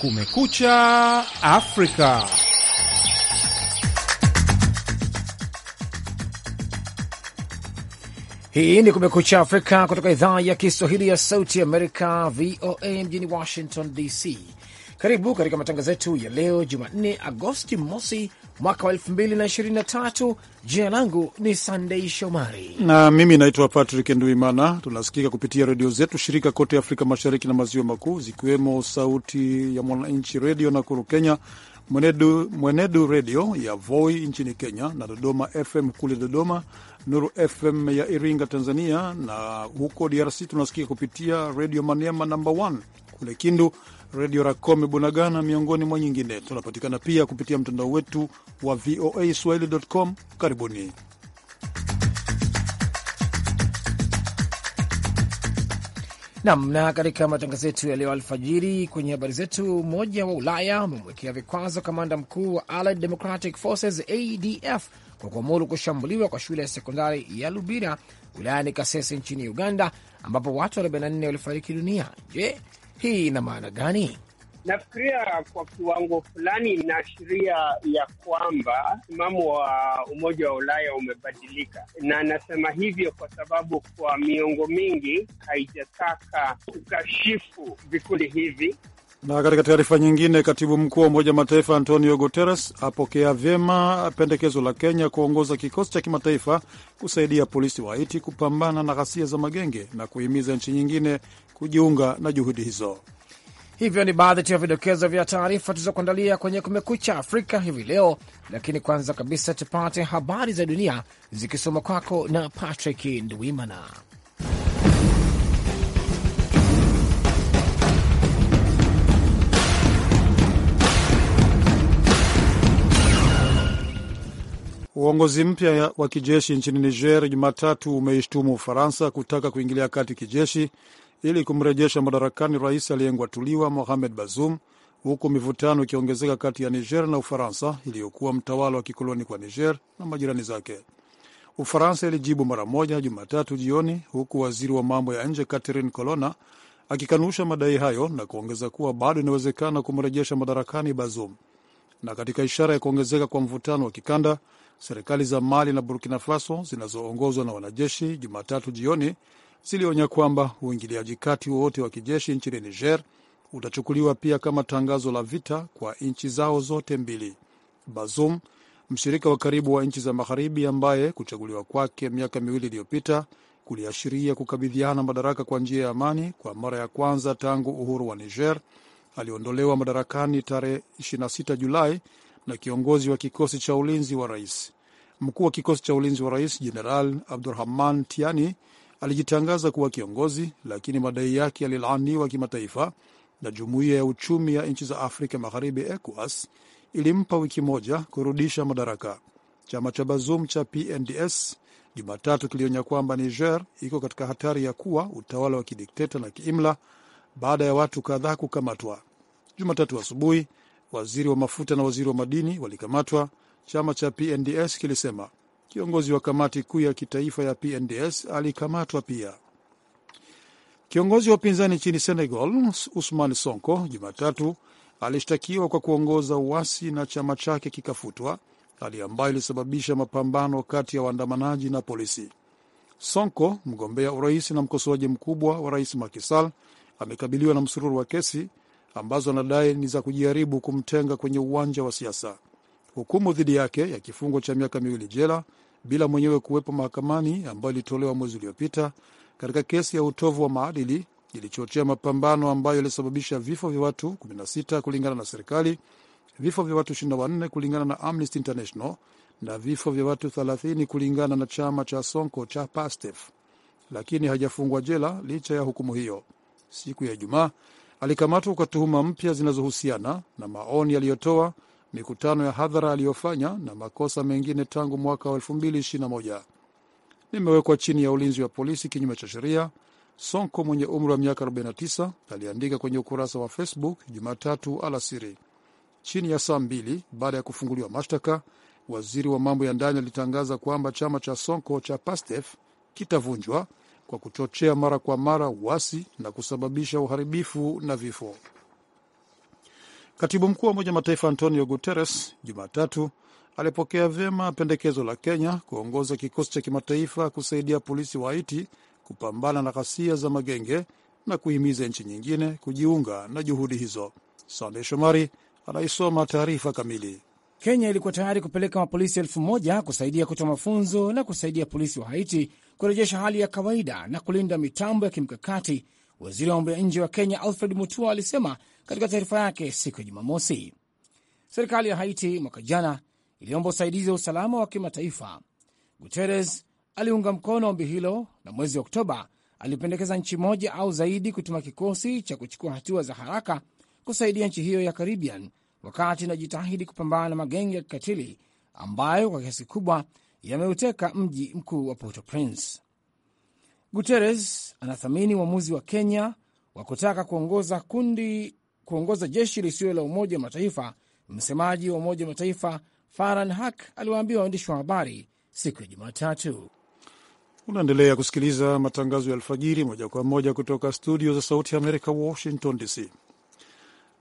Kumekucha Afrika. Hii ni Kumekucha Afrika kutoka idhaa ya Kiswahili ya Sauti Amerika, VOA mjini Washington DC. Karibu katika matangazo yetu ya leo Jumanne, Agosti mosi mwaka wa tatu. Jina langu ni Sandei Shomari na mimi naitwa Patrick Nduimana. Tunasikika kupitia redio zetu shirika kote Afrika Mashariki na Maziwa Makuu, zikiwemo Sauti ya Mwananchi Redio Nakuru Kenya, Mwenedu, Mwenedu Redio ya Voi nchini Kenya na Dodoma FM kule Dodoma, Nuru FM ya Iringa Tanzania, na huko DRC tunasikika kupitia Redio Maniema namba 1 kule Kindu redio Racome Bunagana, miongoni mwa nyingine. Tunapatikana pia kupitia mtandao wetu wa VOA swahili.com. Karibuni. Nam na katika matangazo yetu ya leo alfajiri, kwenye habari zetu, Umoja wa Ulaya umemwekea vikwazo kamanda mkuu wa Allied Democratic Forces ADF kwa kuamuru kushambuliwa kwa shule ya sekondari ya Lubira wilayani Kasese nchini Uganda, ambapo watu 44 walifariki dunia. Je, hii ina maana gani? Nafikiria kwa kiwango fulani inaashiria ya kwamba msimamo wa Umoja wa Ulaya umebadilika, na anasema hivyo kwa sababu kwa miongo mingi haijataka kukashifu vikundi hivi. Na katika taarifa nyingine, katibu mkuu wa Umoja Mataifa Antonio Guterres apokea vyema pendekezo la Kenya kuongoza kikosi cha kimataifa kusaidia polisi wa Haiti kupambana na ghasia za magenge na kuhimiza nchi nyingine kujiunga na juhudi hizo. Hivyo ni baadhi tu ya vidokezo vya taarifa tulizokuandalia kwenye Kumekucha Afrika hivi leo, lakini kwanza kabisa tupate habari za dunia zikisoma kwako na Patrick Ndwimana. Uongozi mpya wa kijeshi nchini Niger Jumatatu umeishtumu Ufaransa kutaka kuingilia kati kijeshi ili kumrejesha madarakani rais aliyengwatuliwa Mohamed Bazoum, huku mivutano ikiongezeka kati ya Niger na Ufaransa iliyokuwa mtawala wa kikoloni kwa Niger na majirani zake. Ufaransa ilijibu mara moja Jumatatu jioni, huku waziri wa mambo ya nje Catherine Colonna akikanusha madai hayo na kuongeza kuwa bado inawezekana kumrejesha madarakani Bazoum. Na katika ishara ya kuongezeka kwa mvutano wa kikanda, serikali za Mali na Burkina Faso zinazoongozwa na wanajeshi Jumatatu jioni zilionya kwamba uingiliaji kati wowote wa kijeshi nchini Niger utachukuliwa pia kama tangazo la vita kwa nchi zao zote mbili. Bazoum, mshirika wa karibu wa nchi za magharibi, ambaye kuchaguliwa kwake miaka miwili iliyopita kuliashiria kukabidhiana madaraka kwa njia ya amani kwa mara ya kwanza tangu uhuru wa Niger, aliondolewa madarakani tarehe 26 Julai na kiongozi wa kikosi cha ulinzi wa rais. Mkuu wa kikosi cha ulinzi wa rais Jeneral Abdurahman Tiani alijitangaza kuwa kiongozi, lakini madai yake yalilaaniwa kimataifa na Jumuiya ya Uchumi ya Nchi za Afrika Magharibi, ECOWAS, ilimpa wiki moja kurudisha madaraka. Chama cha Bazoum cha PNDS Jumatatu kilionya kwamba Niger iko katika hatari ya kuwa utawala wa kidikteta na kiimla baada ya watu kadhaa kukamatwa. Jumatatu asubuhi, waziri wa mafuta na waziri wa madini walikamatwa, chama cha PNDS kilisema. Kiongozi wa kamati kuu ya kitaifa ya PNDS alikamatwa pia. Kiongozi wa upinzani nchini Senegal, Usman Sonko, Jumatatu alishtakiwa kwa kuongoza uasi na chama chake kikafutwa, hali ambayo ilisababisha mapambano kati ya waandamanaji na polisi. Sonko, mgombea urais na mkosoaji mkubwa wa rais makisal amekabiliwa na msururu wa kesi ambazo anadai ni za kujaribu kumtenga kwenye uwanja wa siasa. Hukumu dhidi yake ya kifungo cha miaka miwili jela bila mwenyewe kuwepo mahakamani ambayo ilitolewa mwezi uliopita katika kesi ya utovu wa maadili ilichochea mapambano ambayo yalisababisha vifo vya watu 16 kulingana na serikali, vifo vya watu 24 kulingana na Amnesty International na vifo vya watu 30 kulingana na chama cha Sonko cha Pastef, lakini hajafungwa jela licha ya hukumu hiyo. Siku ya Ijumaa alikamatwa kwa tuhuma mpya zinazohusiana na maoni aliyotoa mikutano ya hadhara aliyofanya na makosa mengine tangu mwaka wa 2021. Nimewekwa chini ya ulinzi wa polisi kinyume cha sheria, Sonko mwenye umri wa miaka 49 aliandika kwenye ukurasa wa Facebook Jumatatu alasiri. Chini ya saa mbili baada ya kufunguliwa mashtaka, waziri wa mambo ya ndani alitangaza kwamba chama cha Sonko cha Pastef kitavunjwa kwa kuchochea mara kwa mara uasi na kusababisha uharibifu na vifo. Katibu mkuu wa Umoja Mataifa Antonio Guterres Jumatatu alipokea vyema pendekezo la Kenya kuongoza kikosi cha kimataifa kusaidia polisi wa Haiti kupambana na ghasia za magenge na kuhimiza nchi nyingine kujiunga na juhudi hizo. Sande Shomari anaisoma taarifa kamili. Kenya ilikuwa tayari kupeleka mapolisi elfu moja kusaidia kutoa mafunzo na kusaidia polisi wa Haiti kurejesha hali ya kawaida na kulinda mitambo ya kimkakati Waziri wa mambo ya nje wa Kenya Alfred Mutua alisema katika taarifa yake siku ya Jumamosi. Serikali ya Haiti mwaka jana iliomba usaidizi wa usalama wa kimataifa. Guterres aliunga mkono ombi hilo na mwezi wa Oktoba alipendekeza nchi moja au zaidi kutuma kikosi cha kuchukua hatua za haraka kusaidia nchi hiyo ya Caribbean wakati inajitahidi kupambana na magenge ya kikatili ambayo kwa kiasi kubwa yameuteka mji mkuu wa Port-au-Prince. Guterres anathamini uamuzi wa Kenya wa kutaka kuongoza kundi kuongoza jeshi lisilo la Umoja wa Mataifa. Msemaji wa Umoja wa Mataifa faran Hak aliwaambia waandishi wa habari siku ya Jumatatu. Unaendelea kusikiliza matangazo ya alfajiri moja kwa moja kutoka studio za Sauti ya Amerika, Washington DC.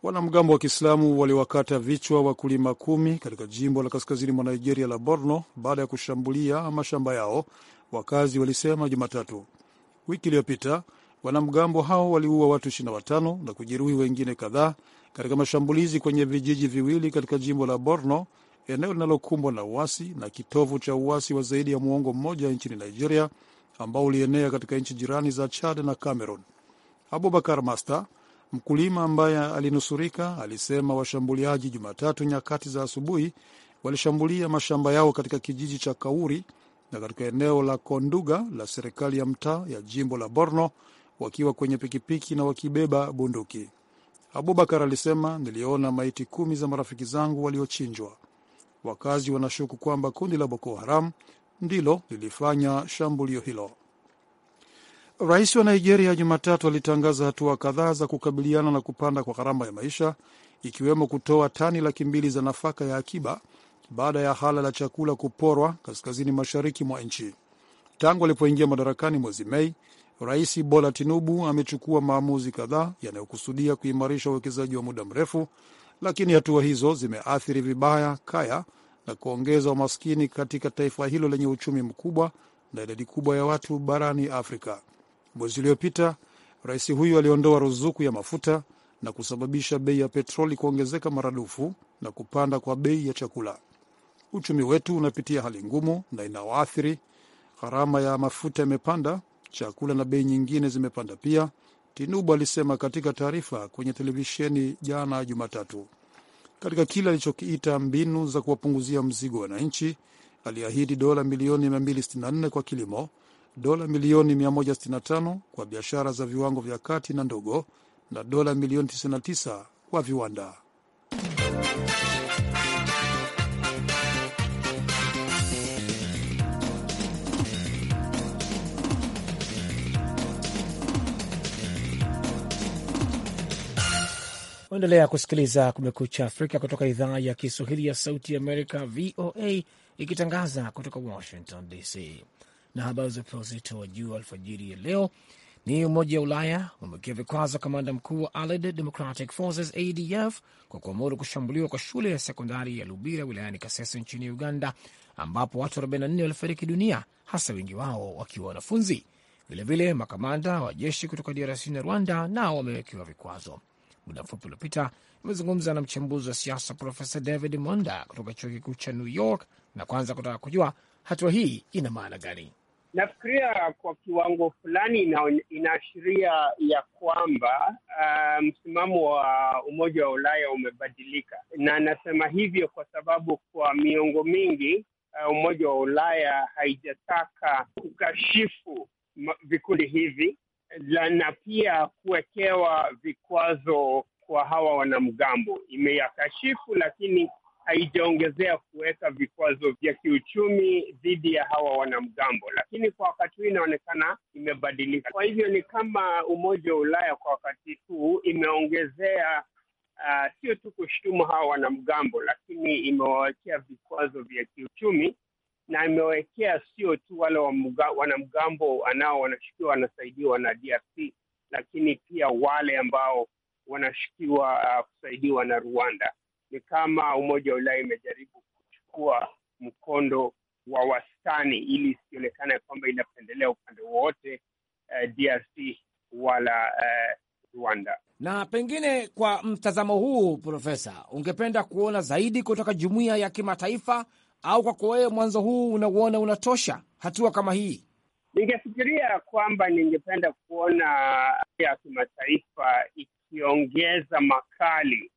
Wanamgambo wa Kiislamu waliwakata vichwa wakulima kumi katika jimbo la kaskazini mwa Nigeria la Borno baada ya kushambulia mashamba yao, wakazi walisema Jumatatu. Wiki iliyopita wanamgambo hao waliua watu 25 na kujeruhi wengine kadhaa katika mashambulizi kwenye vijiji viwili katika jimbo la Borno, eneo linalokumbwa na uasi na kitovu cha uasi wa zaidi ya muongo mmoja nchini Nigeria, ambao ulienea katika nchi jirani za Chad na Cameroon. Abubakar Master, mkulima ambaye alinusurika, alisema washambuliaji Jumatatu nyakati za asubuhi walishambulia mashamba yao katika kijiji cha Kauri na katika eneo la Konduga la serikali ya mtaa ya jimbo la Borno wakiwa kwenye pikipiki na wakibeba bunduki. Abubakar alisema, niliona maiti kumi za marafiki zangu waliochinjwa. Wakazi wanashuku kwamba kundi la Boko Haram ndilo lilifanya shambulio hilo. Rais wa Nigeria Jumatatu alitangaza hatua kadhaa za kukabiliana na kupanda kwa gharama ya maisha, ikiwemo kutoa tani laki mbili za nafaka ya akiba baada ya hala la chakula kuporwa kaskazini mashariki mwa nchi. Tangu alipoingia madarakani mwezi Mei, Rais Bola Tinubu amechukua maamuzi kadhaa yanayokusudia kuimarisha uwekezaji wa muda mrefu, lakini hatua hizo zimeathiri vibaya kaya na kuongeza umaskini katika taifa hilo lenye uchumi mkubwa na idadi kubwa ya watu barani Afrika. Mwezi uliopita rais huyu aliondoa ruzuku ya mafuta na kusababisha bei ya petroli kuongezeka maradufu na kupanda kwa bei ya chakula. Uchumi wetu unapitia hali ngumu na inawaathiri. Gharama ya mafuta imepanda, chakula na bei nyingine zimepanda pia, Tinubu alisema katika taarifa kwenye televisheni jana Jumatatu. Katika kile alichokiita mbinu za kuwapunguzia mzigo wananchi, aliahidi dola milioni 264 kwa kilimo, dola milioni 165 kwa biashara za viwango vya kati na ndogo, na dola milioni 99 kwa viwanda. Unaendelea kusikiliza Kumekucha Afrika kutoka idhaa ya Kiswahili ya Sauti Amerika, VOA, ikitangaza kutoka Washington DC. Na habari za pewa uzito wa juu alfajiri ya leo ni Umoja wa Ulaya umewekea vikwazo kamanda mkuu wa Allied Democratic Forces ADF kwa kuamuru kushambuliwa kwa shule ya sekondari ya Lubira wilayani Kasese nchini Uganda, ambapo watu 44 walifariki dunia, hasa wengi wao wakiwa wanafunzi. Vilevile makamanda wa jeshi kutoka DRC na Rwanda nao wamewekewa vikwazo muda mfupi uliopita imezungumza na mchambuzi wa siasa Profesa David Monda kutoka chuo kikuu cha New York, na kwanza kutaka kujua hatua hii ina maana gani. Nafikiria kwa kiwango fulani inaashiria ya kwamba uh, msimamo wa Umoja wa Ulaya umebadilika, na anasema hivyo kwa sababu kwa miongo mingi uh, Umoja wa Ulaya haijataka kukashifu vikundi hivi na pia kuwekewa vikwazo kwa hawa wanamgambo. Imeyakashifu, lakini haijaongezea kuweka vikwazo vya kiuchumi dhidi ya hawa wanamgambo, lakini kwa wakati huu inaonekana imebadilika. Kwa hivyo ni kama Umoja wa Ulaya kwa wakati huu imeongezea uh, sio uh, tu kushtumu hawa wanamgambo, lakini imewawekea vikwazo vya kiuchumi na imewekea sio tu wale wanamgambo anao wanashukiwa wanasaidiwa na DRC, lakini pia wale ambao wanashukiwa uh, kusaidiwa na Rwanda. Ni kama Umoja wa Ulaya imejaribu kuchukua mkondo wa wastani ili isionekane kwamba inapendelea upande wowote uh, DRC wala uh, Rwanda. Na pengine kwa mtazamo huu, Profesa, ungependa kuona zaidi kutoka jumuiya ya kimataifa au kwako wewe mwanzo huu unauona unatosha hatua kama hii? Ningefikiria kwamba ningependa kuona ya kimataifa ikiongeza makali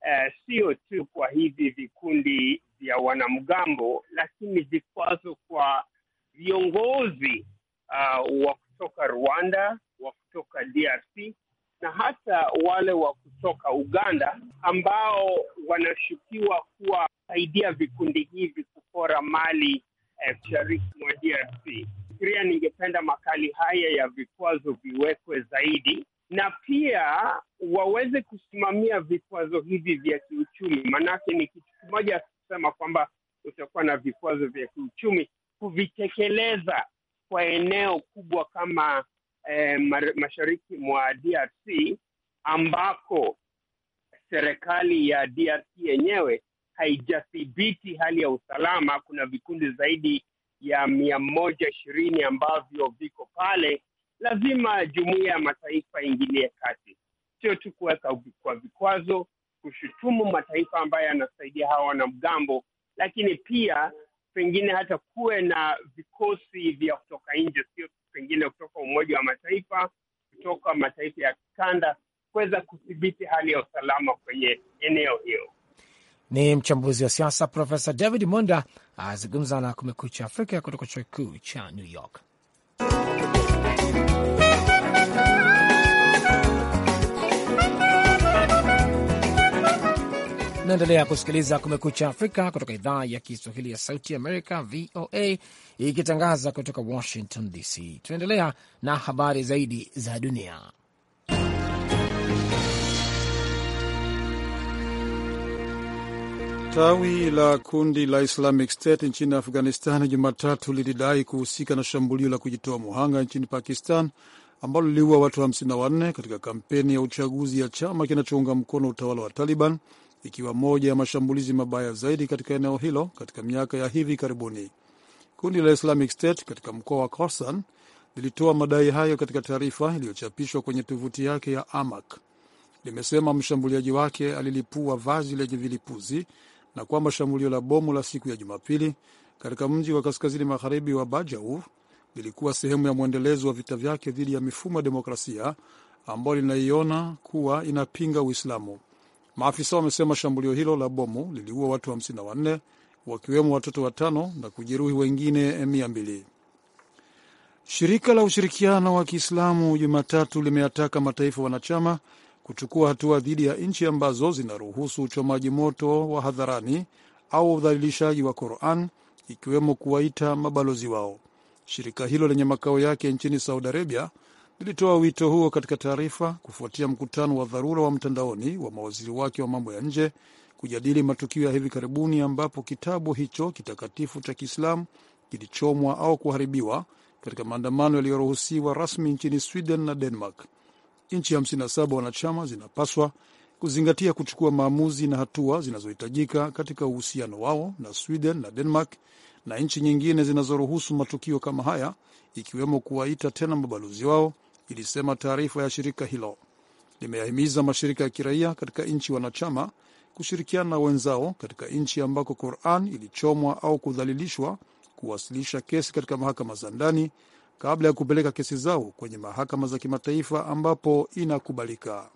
eh, sio tu kwa hivi vikundi vya wanamgambo, lakini vikwazo kwa viongozi uh, wa kutoka Rwanda, wa kutoka DRC na hata wale wa kutoka Uganda ambao wanashukiwa kuwa kusaidia vikundi hivi kupora mali eh, mashariki eh, mwa DRC. Fikiria, ningependa makali haya ya vikwazo viwekwe zaidi na pia waweze kusimamia vikwazo hivi vya kiuchumi, maanake ni kitu kimoja kusema kwamba utakuwa na vikwazo vya kiuchumi, kuvitekeleza kwa eneo kubwa kama eh, mashariki mwa DRC ambako serikali ya DRC yenyewe haijathibiti hali ya usalama. Kuna vikundi zaidi ya mia moja ishirini ambavyo viko pale. Lazima jumuiya ya mataifa ingilie kati, sio tu kuweka kwa vikwazo, kushutumu mataifa ambayo yanasaidia hawa wanamgambo, lakini pia pengine hata kuwe na vikosi vya kutoka nje, sio pengine kutoka Umoja wa Mataifa, kutoka mataifa ya kikanda kuweza kudhibiti hali ya usalama kwenye eneo hiyo. Ni mchambuzi wa siasa Profesa David Monda azungumza na Kumekucha Afrika kutoka chuo kikuu cha New York. Naendelea kusikiliza Kumekucha Afrika kutoka idhaa ya Kiswahili ya Sauti Amerika, VOA, ikitangaza kutoka Washington DC. Tunaendelea na habari zaidi za dunia. Tawi la kundi la Islamic State nchini Afghanistan Jumatatu lilidai kuhusika na shambulio la kujitoa muhanga nchini Pakistan ambalo liliua watu 54 katika kampeni ya uchaguzi ya chama kinachounga mkono utawala wa Taliban, ikiwa moja ya mashambulizi mabaya zaidi katika eneo hilo katika miaka ya hivi karibuni. Kundi la Islamic State katika mkoa wa Khorasan lilitoa madai hayo katika taarifa iliyochapishwa kwenye tovuti yake ya Amak. Limesema mshambuliaji wake alilipua vazi lenye vilipuzi na kwamba shambulio la bomu la siku ya Jumapili katika mji wa kaskazini magharibi wa Bajaur lilikuwa sehemu ya mwendelezo wa vita vyake dhidi ya mifumo ya demokrasia ambayo linaiona kuwa inapinga Uislamu. Maafisa wamesema shambulio hilo la bomu liliua watu 54 wa wakiwemo watoto watano na kujeruhi wengine mia mbili. Shirika la ushirikiano wa Kiislamu Jumatatu limeataka mataifa wanachama kuchukua hatua dhidi ya nchi ambazo zinaruhusu uchomaji moto wa hadharani au udhalilishaji wa Quran, ikiwemo kuwaita mabalozi wao. Shirika hilo lenye makao yake nchini Saudi Arabia lilitoa wito huo katika taarifa kufuatia mkutano wa dharura wa mtandaoni wa mawaziri wake wa mambo ya nje kujadili matukio ya hivi karibuni ambapo kitabu hicho kitakatifu cha Kiislamu kilichomwa au kuharibiwa katika maandamano yaliyoruhusiwa rasmi nchini Sweden na Denmark nchi 57 wanachama zinapaswa kuzingatia kuchukua maamuzi na hatua zinazohitajika katika uhusiano wao na Sweden na Denmark na nchi nyingine zinazoruhusu matukio kama haya, ikiwemo kuwaita tena mabalozi wao, ilisema taarifa ya shirika hilo. Limeyahimiza mashirika ya kiraia katika nchi wanachama kushirikiana na wenzao katika nchi ambako Quran ilichomwa au kudhalilishwa kuwasilisha kesi katika mahakama za ndani kabla ya kupeleka kesi zao kwenye mahakama za kimataifa ambapo inakubalika.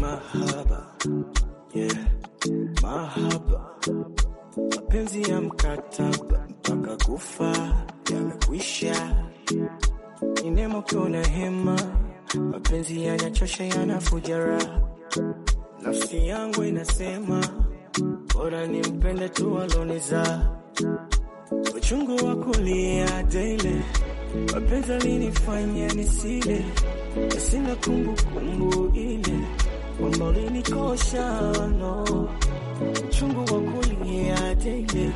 mahaba yeah, mahaba mapenzi ya mkataba mpaka kufa yamekwisha, ni neema hema mapenzi yanachosha, yanafujara nafsi yangu inasema bora nimpende tu alonizaa, uchungu wa kulia daily mapenzi alinifanya nisile, sina kumbukumbu ile kwamba ulinikosha no, uchungu wa kulia tele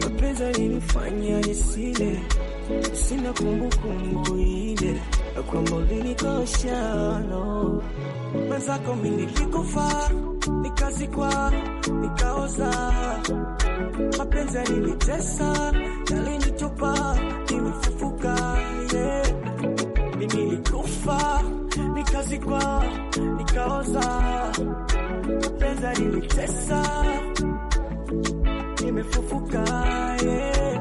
mapenzi alinifanya nisile, sina kumbukumbu ile kwamba ulinikosha no, mwenzako mimi nilikufaa, nikazikwa, nikaoza, mapenzi yalinitesa, yalinitupa, nimefufuka yeah. nilikufa, nikazikwa, nikaoza, mapenzi yalinitesa, nimefufuka yeah.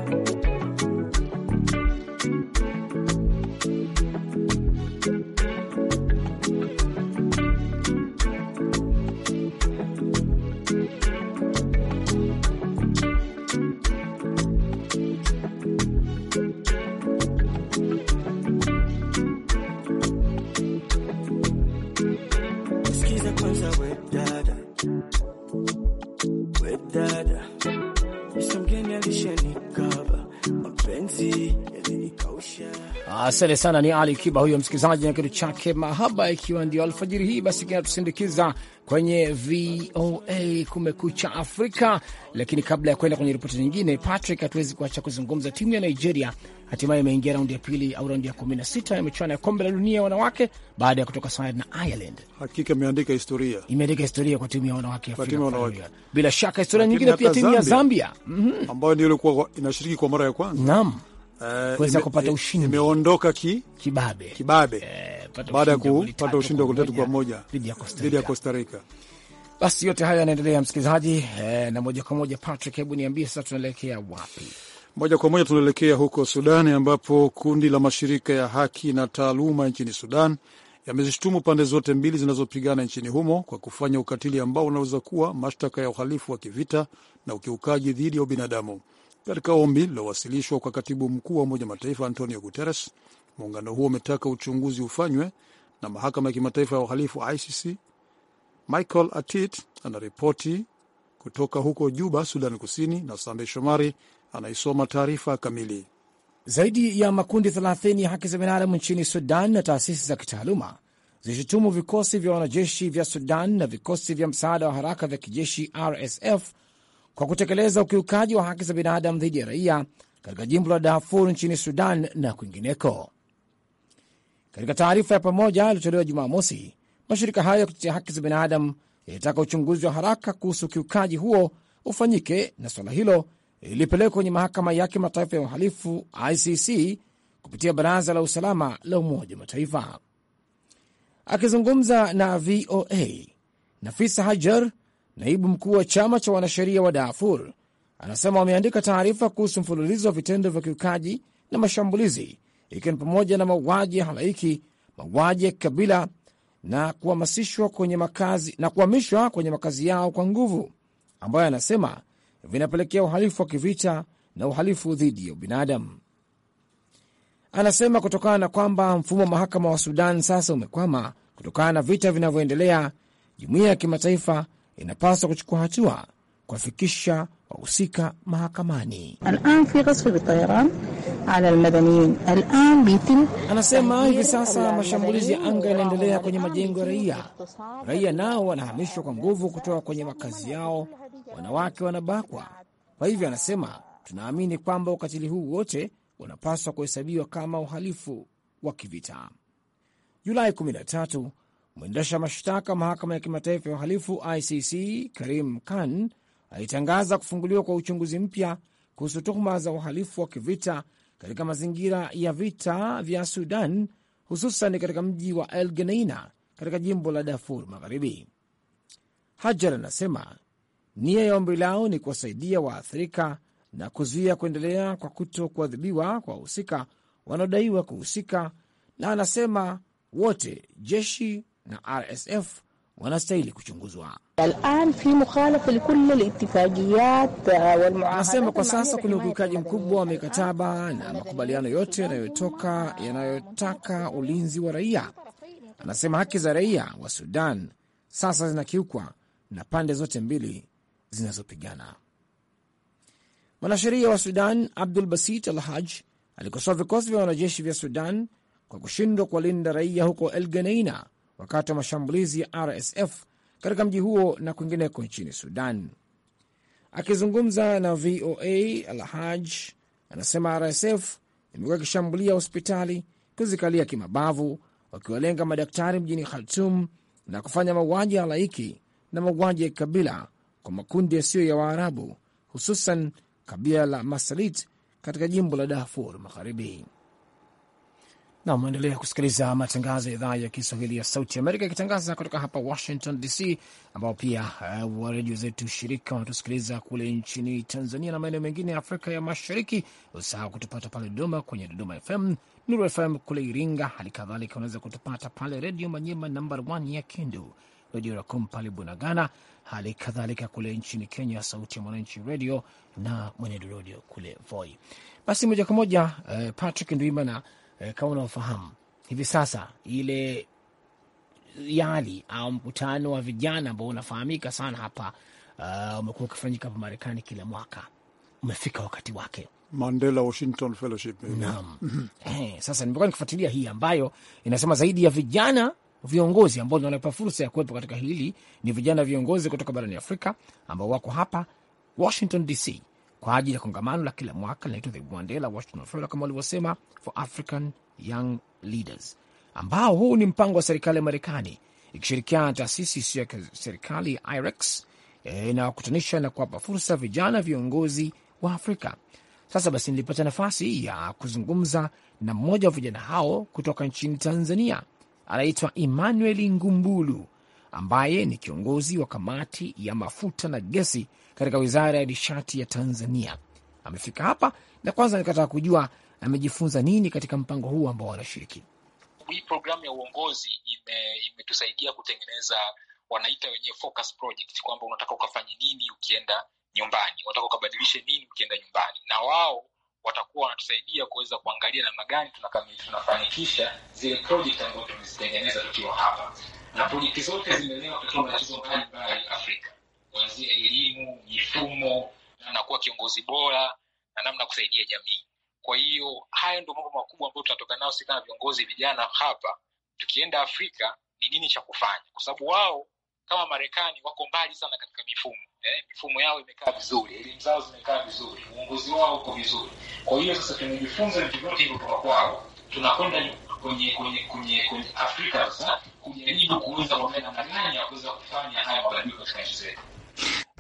Asante sana, ni Ali Kiba huyo msikilizaji na kitu chake mahaba. Ikiwa ndio alfajiri hii, basi kinatusindikiza kwenye VOA Kumekucha Afrika. Lakini kabla ya kuenda kwenye ripoti nyingine, Patrick, hatuwezi kuacha kuzungumza. Timu ya Nigeria hatimaye imeingia raundi ya pili au raundi ya kumi na sita ya michuano ya kombe la dunia ya wanawake baada ya kutoka sare na Ireland. Hakika imeandika historia, imeandika historia kwa timu ya wanawake ya Afrika. Bila shaka historia nyingine pia timu ya Zambia, Zambia. Mm -hmm. ambayo ndio ilikuwa inashiriki kwa mara ya kwanza. Naam. Eh, kuweza kupata eh, ushindi imeondoka ki, kibabe, kibabe eh, baada ya kupata ushindi wa kutatu kwa moja dhidi ya Costa Rica. Basi yote haya yanaendelea msikilizaji, eh, na moja kwa moja Patrick, hebu niambie sasa tunaelekea wapi? Moja kwa moja tunaelekea huko Sudani ambapo kundi la mashirika ya haki na taaluma nchini Sudan yamezishtumu pande zote mbili zinazopigana nchini humo kwa kufanya ukatili ambao unaweza kuwa mashtaka ya uhalifu wa kivita na ukiukaji dhidi ya ubinadamu. Katika ombi lilowasilishwa kwa katibu mkuu wa Umoja Mataifa Antonio Guterres, muungano huo umetaka uchunguzi ufanywe na mahakama ya kimataifa ya uhalifu ICC. Michael Atit anaripoti kutoka huko Juba, Sudani Kusini, na sandey Shomari anaisoma taarifa kamili. Zaidi ya makundi 30 ya haki za binadamu nchini Sudan na taasisi za kitaaluma zilishutumu vikosi vya wanajeshi vya Sudan na vikosi vya msaada wa haraka vya kijeshi RSF kwa kutekeleza ukiukaji wa haki za binadamu dhidi ya raia katika jimbo la Darfur nchini Sudan na kwingineko. Katika taarifa ya pamoja iliyotolewa Jumamosi, mashirika hayo ya kutetea haki za binadamu yalitaka uchunguzi wa haraka kuhusu ukiukaji huo ufanyike na suala hilo lilipelekwa kwenye mahakama ya kimataifa ya uhalifu ICC kupitia baraza la usalama la Umoja wa Mataifa. Akizungumza na VOA, Nafisa Hajar, naibu mkuu wa chama cha wanasheria wa Darfur, anasema wameandika taarifa kuhusu mfululizo wa vitendo vya kiukaji na mashambulizi, ikiwa ni pamoja na mauaji ya halaiki, mauaji ya kikabila na kuhamishwa kwenye makazi, na kuhamishwa kwenye makazi yao kwa nguvu, ambayo anasema vinapelekea uhalifu wa kivita na uhalifu dhidi ya ubinadamu. Anasema kutokana na kwamba mfumo wa mahakama wa Sudan sasa umekwama kutokana na vita vinavyoendelea, jumuiya ya kimataifa inapaswa kuchukua hatua kuwafikisha wahusika mahakamani. Anasema hivi sasa mashambulizi ya anga yanaendelea kwenye majengo ya raia. Raia nao wanahamishwa kwa nguvu kutoka kwenye makazi yao, wanawake wanabakwa. Kwa hivyo, anasema tunaamini kwamba ukatili huu wote unapaswa kuhesabiwa kama uhalifu wa kivita. Julai Mwendesha mashtaka mahakama ya kimataifa ya uhalifu ICC Karim Khan alitangaza kufunguliwa kwa uchunguzi mpya kuhusu tuhuma za uhalifu wa kivita katika mazingira ya vita vya Sudan, hususan katika mji wa El Geneina katika jimbo la Darfur Magharibi. Hajar anasema nia ya ombi lao ni kuwasaidia waathirika na kuzuia kuendelea kwa kuto kuadhibiwa kwa wahusika wanaodaiwa kuhusika, na anasema wote, jeshi, na RSF wanastahili kuchunguzwa. Anasema kwa sasa kuna ukiukaji mkubwa wa mikataba na makubaliano yote yanayotoka yanayotaka ulinzi wa raia. Anasema haki za raia wa Sudan sasa zinakiukwa na pande zote mbili zinazopigana. Mwanasheria wa Sudan Abdul Basit Al Haj alikosoa vikosi vya wanajeshi vya Sudan kwa kushindwa kuwalinda raia huko El Geneina wakati wa mashambulizi ya RSF katika mji huo na kwingineko nchini Sudan. Akizungumza na VOA, Alhaj anasema RSF imekuwa ikishambulia hospitali, kuzikalia kimabavu, wakiwalenga madaktari mjini Khartum na kufanya mauaji ya halaiki na mauaji ya kikabila kwa makundi yasiyo ya Waarabu, hususan kabila la Masalit katika jimbo la Darfur Magharibi na mwendelea kusikiliza matangazo ya idhaa ya Kiswahili ya Sauti Amerika ikitangaza kutoka hapa Washington DC, ambao pia uh, waredio zetu shirika wanatusikiliza kule nchini Tanzania na maeneo mengine ya Afrika ya Mashariki. Usahau kutupata pale Dodoma kwenye Dodoma FM, Nuru FM kule Iringa. Hali kadhalika unaweza kutupata pale Redio Manyema namba 1 ya Kindu, Redio Racom pale Bunagana, hali kadhalika kule nchini Kenya, Sauti ya Mwananchi Redio na Mwenedu Redio kule Voi. Basi moja kwa moja, uh, Patrick Ndwimana eh, kama unaofahamu hivi sasa ile yali au mkutano wa vijana ambao unafahamika sana hapa uh, umekuwa ukifanyika hapa Marekani kila mwaka umefika wakati wake. Mandela Washington Fellowship. Eh. Naam. Mhm. Eh, sasa nimekuwa nikifuatilia hii ambayo inasema zaidi ya vijana viongozi ambao wanapa fursa ya kuwepo katika hili ni vijana viongozi kutoka barani Afrika ambao wako hapa Washington DC kwa ajili ya kongamano la kila mwaka linaitwa the Mandela Washington Forum, kama walivyosema, for African Young Leaders, ambao huu ni mpango wa serikali ya Marekani ikishirikiana na taasisi isiyo ya serikali IREX eh, inawakutanisha e, na kuwapa fursa vijana viongozi wa Afrika. Sasa basi, nilipata nafasi ya kuzungumza na mmoja wa vijana hao kutoka nchini Tanzania, anaitwa Emmanuel Ngumbulu ambaye ni kiongozi wa kamati ya mafuta na gesi katika wizara ya nishati ya Tanzania. Amefika hapa na kwanza nikataka kujua amejifunza nini katika mpango huu ambao wanashiriki. Hii programu ya uongozi imetusaidia ime kutengeneza, wanaita wenyewe focus project, kwamba unataka ukafanye nini ukienda nyumbani, unataka ukabadilishe nini ukienda nyumbani, na wao watakuwa wanatusaidia kuweza kuangalia namna gani tunafanikisha zile project ambazo tumezitengeneza tukiwa hapa, na projekti zote zimelewa kutoka nchi mbalimbali Afrika kuanzia elimu, mifumo, namna kuwa kiongozi bora na namna kusaidia jamii. Kwa hiyo hayo ndio mambo makubwa ambayo tunatoka nao sisi kama viongozi vijana hapa. Tukienda Afrika ni nini cha kufanya, kwa sababu wao kama Marekani wako mbali sana katika mifumo eh, mifumo yao imekaa vizuri, elimu zao zimekaa vizuri, uongozi wao uko vizuri. Kwa hiyo sasa tunajifunza vitu vyote hivyo kutoka kwao, tunakwenda kwenye kwenye kwenye kwenye Afrika sasa kujaribu kuweza kuona namna gani ya kuweza kufanya haya mabadiliko katika nchi zetu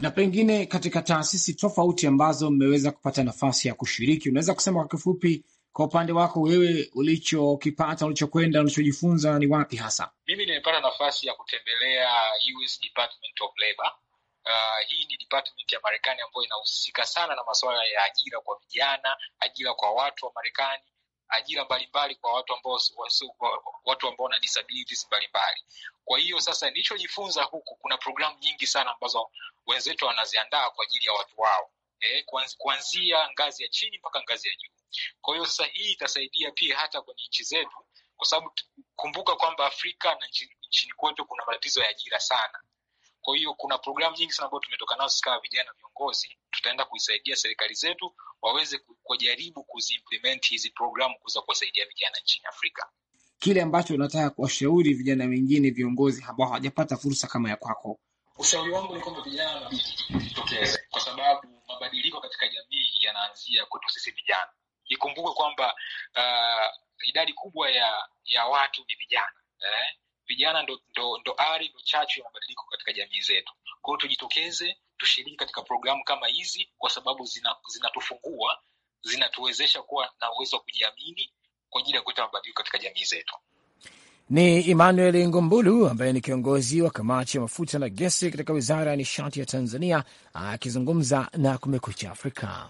na pengine katika taasisi tofauti ambazo mmeweza kupata nafasi ya kushiriki, unaweza kusema kwa kifupi, kwa upande wako wewe ulichokipata, ulichokwenda, ulichojifunza ni wapi hasa? Mimi nimepata nafasi ya kutembelea US Department of Labor. Uh, hii ni department ya Marekani ambayo inahusika sana na masuala ya ajira kwa vijana, ajira kwa watu wa Marekani ajira mbalimbali kwa watu ambao watu ambao wana disabilities mbalimbali. Kwa hiyo sasa, nilichojifunza huku, kuna programu nyingi sana ambazo wenzetu wanaziandaa kwa ajili ya watu wao eh, kuanzia ngazi ya chini mpaka ngazi ya juu. Kwa hiyo sasa, hii itasaidia pia hata kwenye nchi zetu, kwa sababu kumbuka kwamba Afrika na nchini kwetu kuna matatizo ya ajira sana kwa hiyo kuna programu nyingi sana ambayo tumetoka nazo sisi kama vijana viongozi, tutaenda kuisaidia serikali zetu waweze kujaribu kuziimplement hizi programu kuweza kuwasaidia vijana nchini Afrika. Kile ambacho unataka kuwashauri vijana wengine viongozi ambao hawajapata fursa kama ya kwako, ushauri wangu ni kwamba vijana wanabidi kwa sababu mabadiliko katika jamii yanaanzia kwetu sisi vijana. ikumbuke kwamba uh, idadi kubwa ya ya watu ni vijana eh? Vijana ndo, ndo, ndo ari ndo chachu ya mabadiliko katika jamii zetu. Kwa hiyo tujitokeze, tushiriki katika programu kama hizi, kwa sababu zinatufungua, zina zinatuwezesha kuwa na uwezo wa kujiamini kwa ajili ya kuleta mabadiliko katika jamii zetu. Ni Emmanuel ngumbulu ambaye ni kiongozi wa kamati ya mafuta na gesi katika wizara ya nishati ya Tanzania akizungumza na Kumekucha Afrika.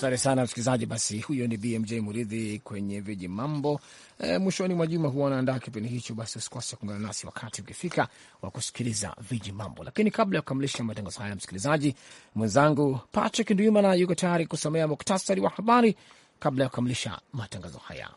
Asante sana msikilizaji. Basi huyo ni BMJ Muridhi kwenye viji mambo. E, mwishoni mwa juma huwa anaandaa kipindi hicho, basi usikose kuungana nasi wakati ukifika wa kusikiliza viji mambo. Lakini kabla ya kukamilisha matangazo haya, msikilizaji mwenzangu Patrick Nduimana yuko tayari kusomea muktasari wa habari kabla ya kukamilisha matangazo haya.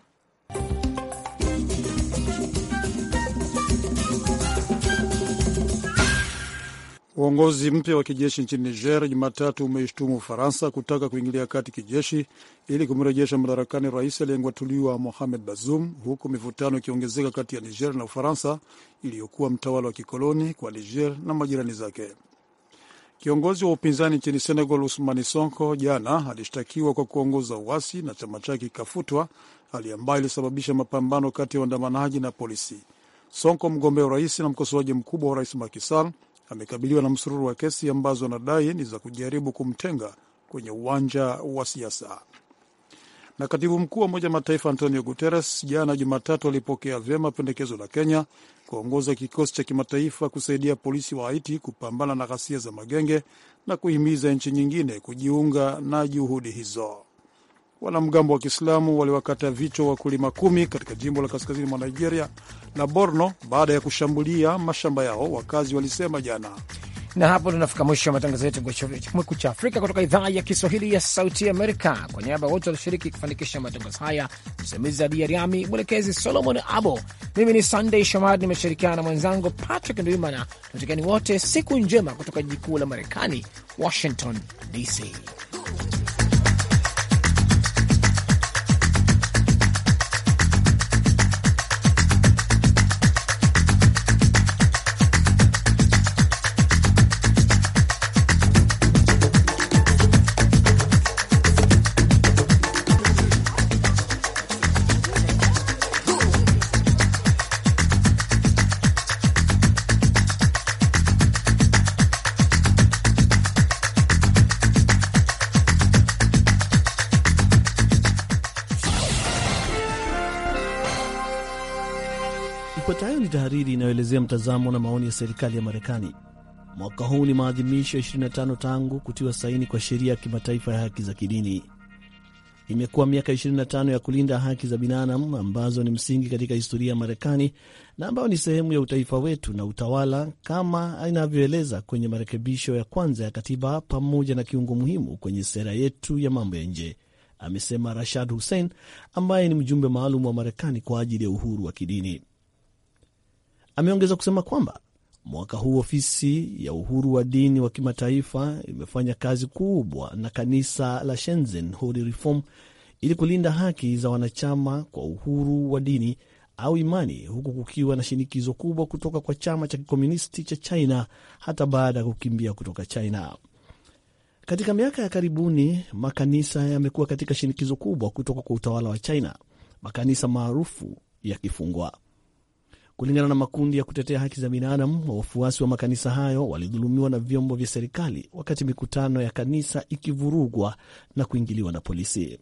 Uongozi mpya wa kijeshi nchini Niger Jumatatu umeishtumu Ufaransa kutaka kuingilia kati kijeshi ili kumrejesha madarakani rais aliyengwatuliwa Mohamed Bazoum, huku mivutano ikiongezeka kati ya Niger na Ufaransa iliyokuwa mtawala wa kikoloni kwa Niger na majirani zake. Kiongozi wa upinzani nchini Senegal Usmani Sonko jana alishtakiwa kwa kuongoza uasi na chama chake kikafutwa, hali ambayo ilisababisha mapambano kati ya waandamanaji na polisi. Sonko, mgombea urais na mkosoaji mkubwa wa rais Macky Sall, amekabiliwa na msururu wa kesi ambazo anadai ni za kujaribu kumtenga kwenye uwanja wa siasa. Na katibu mkuu wa Umoja Mataifa Antonio Guterres jana Jumatatu alipokea vyema pendekezo la Kenya kuongoza kikosi cha kimataifa kusaidia polisi wa Haiti kupambana na ghasia za magenge na kuhimiza nchi nyingine kujiunga na juhudi hizo. Wanamgambo wa Kiislamu waliwakata vichwa wakulima kumi katika jimbo la kaskazini mwa Nigeria la Borno baada ya kushambulia mashamba yao, wakazi walisema jana. Na hapo tunafika mwisho wa matangazo yetu Kumekucha Afrika kutoka idhaa ya Kiswahili ya Sauti Amerika. Kwa niaba ya wote walishiriki kufanikisha matangazo haya, msimamizi Adia mwelekezi Solomon Abo, mimi ni Sandey Shomari, nimeshirikiana na mwenzangu Patrick Ndwimana. Tunatakieni wote siku njema kutoka jiji kuu la Marekani, Washington DC. ni tahariri inayoelezea mtazamo na maoni ya serikali ya Marekani. Mwaka huu ni maadhimisho ya 25 tangu kutiwa saini kwa sheria ya kimataifa ya haki za kidini. Imekuwa miaka 25 ya kulinda haki za binadamu ambazo ni msingi katika historia ya Marekani na ambayo ni sehemu ya utaifa wetu na utawala, kama inavyoeleza kwenye marekebisho ya kwanza ya katiba pamoja na kiungo muhimu kwenye sera yetu ya mambo ya nje, amesema Rashad Hussein ambaye ni mjumbe maalum wa Marekani kwa ajili ya uhuru wa kidini. Ameongeza kusema kwamba mwaka huu ofisi ya uhuru wa dini wa kimataifa imefanya kazi kubwa na kanisa la Shenzhen Holy Reform ili kulinda haki za wanachama kwa uhuru wa dini au imani, huku kukiwa na shinikizo kubwa kutoka kwa chama cha kikomunisti cha China hata baada ya kukimbia kutoka China. Katika miaka ya karibuni makanisa yamekuwa katika shinikizo kubwa kutoka kwa utawala wa China, makanisa maarufu yakifungwa. Kulingana na makundi ya kutetea haki za binadamu, wafuasi wa makanisa hayo walidhulumiwa na vyombo vya serikali wakati mikutano ya kanisa ikivurugwa na kuingiliwa na polisi.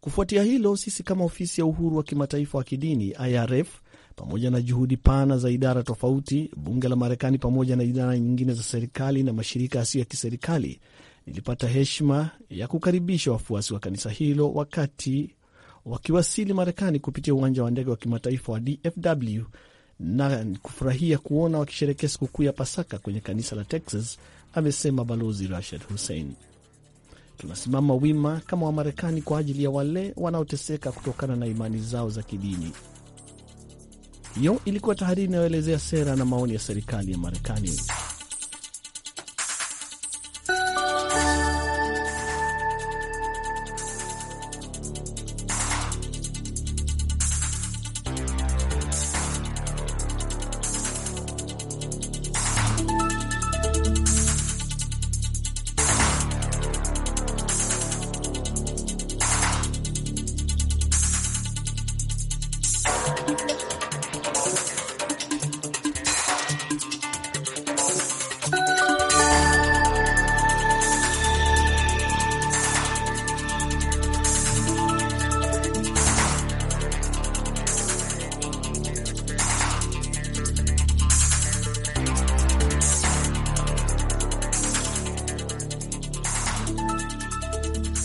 Kufuatia hilo, sisi kama ofisi ya uhuru wa kimataifa wa kidini IRF pamoja na juhudi pana za idara tofauti, bunge la Marekani pamoja na idara nyingine za serikali na mashirika yasiyo ya kiserikali, nilipata heshima ya kukaribisha wafuasi wa kanisa hilo wakati wakiwasili Marekani kupitia uwanja wa ndege wa kimataifa wa DFW na kufurahia kuona wakisherekea sikukuu ya Pasaka kwenye kanisa la Texas, amesema Balozi Rashad Hussein. Tunasimama wima kama Wamarekani kwa ajili ya wale wanaoteseka kutokana na imani zao za kidini. Hiyo ilikuwa tahariri inayoelezea sera na maoni ya serikali ya Marekani.